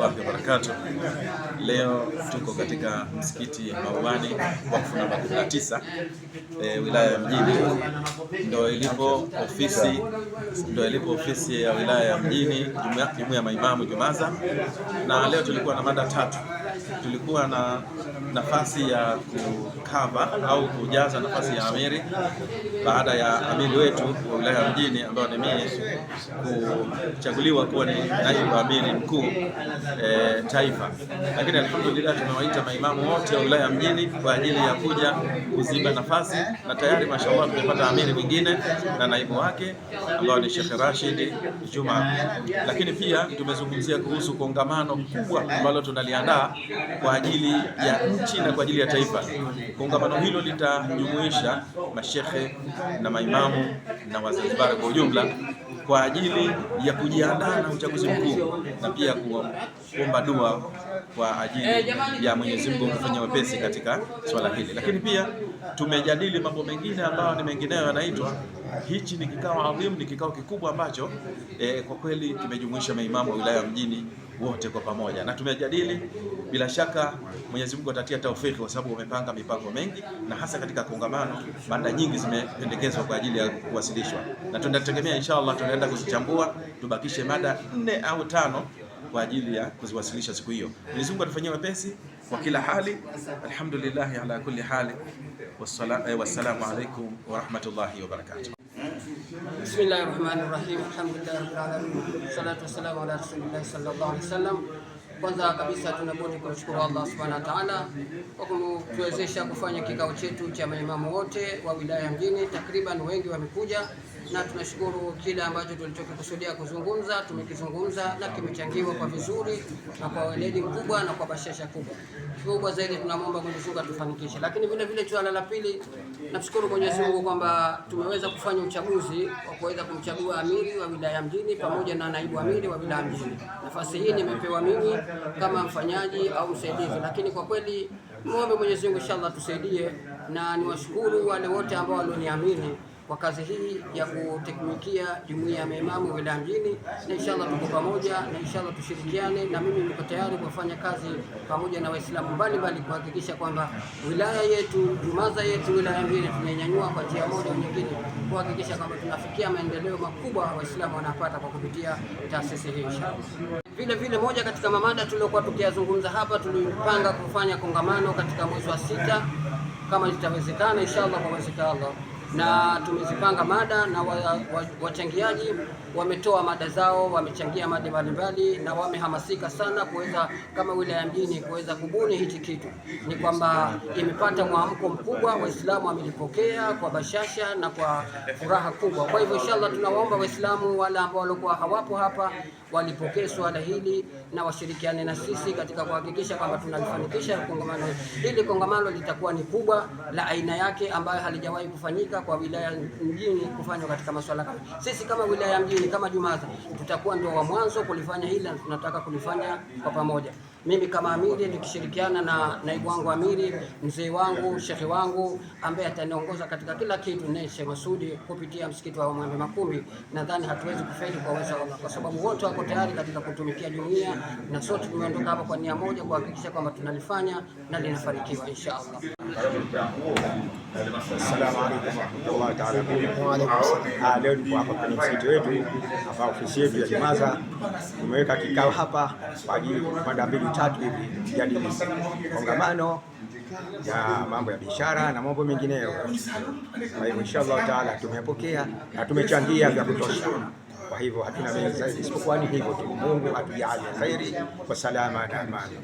பாதிக்கப்பட Mchakato. Leo tuko katika msikiti Mauani wakfu namba 19 e, wilaya ya Mjini, ndio ilipo ofisi ndio ilipo ofisi ya wilaya ya Mjini, jumuiya ya maimamu Jumaza. Na leo tulikuwa na mada tatu, tulikuwa na nafasi ya kukava au kujaza nafasi ya amiri baada ya amiri wetu wa wilaya ya Mjini ambayo ni mimi kuchaguliwa kuwa ni naibu amiri mkuu e, taifa. Lakini alhamdulillah tumewaita maimamu wote wa wilaya mjini kwa ajili ya kuja kuziba nafasi, na tayari mashallah tumepata amiri mwingine na naibu wake ambao ni Sheikh Rashid Juma. Lakini pia tumezungumzia kuhusu kongamano kubwa ambalo tunaliandaa kwa ajili ya nchi na kwa ajili ya taifa. Kongamano hilo litajumuisha mashekhe na maimamu na Wazanzibari kwa ujumla kwa ajili ya kujiandaa na uchaguzi mkuu na pia kuomba dua kwa ajili eh, ya Mwenyezi Mungu kufanya wepesi katika swala hili, lakini pia tumejadili mambo mengine ambayo ni mengineyo yanaitwa. Hichi ni kikao adhimu, ni kikao kikubwa ambacho e, kwa kweli kimejumuisha maimamu wa wilaya mjini wote kwa pamoja, na tumejadili. Bila shaka Mwenyezi Mungu atatia taufiki, kwa sababu wamepanga mipango mengi, na hasa katika kongamano mada nyingi zimependekezwa kwa ajili ya kuwasilishwa, na tunategemea inshallah tunaenda kuzichambua, tubakishe mada nne au tano kwa ajili ya kuziwasilisha siku hiyo. Mwenyezi Mungu atufanyie wepesi kwa kila hali. Alhamdulillah ala kulli hali, eh, wassalamu alaykum wa rahmatullahi wa barakatuh. Bismillahir rahmanir rahim, alhamdulillah rabbil alamin, salatu wassalamu ala rasulillah sallallahu alayhi wasallam. Kwanza kabisa tunabudi kumshukuru Allah subhanahu wa ta'ala kwa kutuwezesha kufanya kikao chetu cha maimamu wote wa wilaya mjini. Takriban wengi wamekuja, na tunashukuru kile ambacho tulichokikusudia kuzungumza tumekizungumza, na kimechangiwa kwa vizuri na kwa weledi mkubwa na kwa bashasha kubwa kubwa zaidi. Tunamwomba Mwenyezi Mungu atufanikishe, lakini vile vile suala la pili, namshukuru Mwenyezi Mungu kwamba tumeweza kufanya uchaguzi wa kuweza kumchagua amiri wa wilaya mjini pamoja na naibu amiri wa wilaya mjini. Nafasi hii nimepewa mimi kama mfanyaji au msaidizi, lakini kwa kweli muombe Mwenyezi Mungu inshallah tusaidie, na niwashukuru wale wote ambao walioniamini kwa kazi hii ya kuteknikia jumuiya ya maimamu wilaya mjini, na inshallah tuko pamoja, na inshallah tushirikiane, na mimi niko tayari kufanya kazi pamoja na Waislamu mbalimbali kuhakikisha kwamba wilaya yetu, jumaza yetu wilaya mjini tunainyanyua kwa njia moja au nyingine, kuhakikisha kwamba tunafikia maendeleo makubwa Waislamu wanapata kwa kupitia taasisi hii inshallah. Vile vile moja katika mamada tuliokuwa tukiyazungumza hapa, tulipanga kufanya kongamano katika mwezi wa sita kama litawezekana, inshallah kwa mwezi Allah na tumezipanga mada na wachangiaji wa, wa wametoa mada zao, wamechangia mada mbalimbali na wamehamasika sana kuweza kama wilaya ya mjini kuweza kubuni hichi kitu. Ni kwamba imepata mwamko mkubwa, Waislamu wamelipokea kwa bashasha na kwa furaha kubwa. Kwa hivyo inshallah, tunawaomba Waislamu wale ambao walikuwa hawapo hapa walipokee suala hili na washirikiane na sisi katika kuhakikisha kwamba tunalifanikisha kongamano hili. Kongamano litakuwa ni kubwa la aina yake ambayo halijawahi kufanyika kutumika kwa wilaya mjini kufanywa katika masuala kama sisi kama wilaya mjini kama Jumaza tutakuwa ndio wa mwanzo kulifanya hili, na tunataka kulifanya kwa pamoja. Mimi kama amiri nikishirikiana na naibu wangu amiri, mzee wangu, shekhe wangu ambaye ataniongoza katika kila kitu, naye Sheikh Masudi kupitia msikiti wa Mwembe Makumbi, nadhani hatuwezi kufeli kwa uwezo wa kwa sababu wote wako tayari katika kutumikia jumuiya, na sote tumeondoka hapa kwa nia moja kuhakikisha kwamba tunalifanya na linafanikiwa inshallah. Assalamu alaikum warahmatullahi taala. Ah, leo niko hapa kwenye msikiti wetu hapa ofisi yetu ya Limaza, tumeweka kikao hapa kwa ajili kupanda mbili tatu hivi kujadili kongamano ya mambo ya biashara na mambo mengineyo. Kwa hivyo inshallah taala tumepokea na tumechangia vya kutosha. Kwa hivyo hatuna mengi zaidi isipokuwa ni hivyo tu. Mungu atujalie khairi wa salama na amani.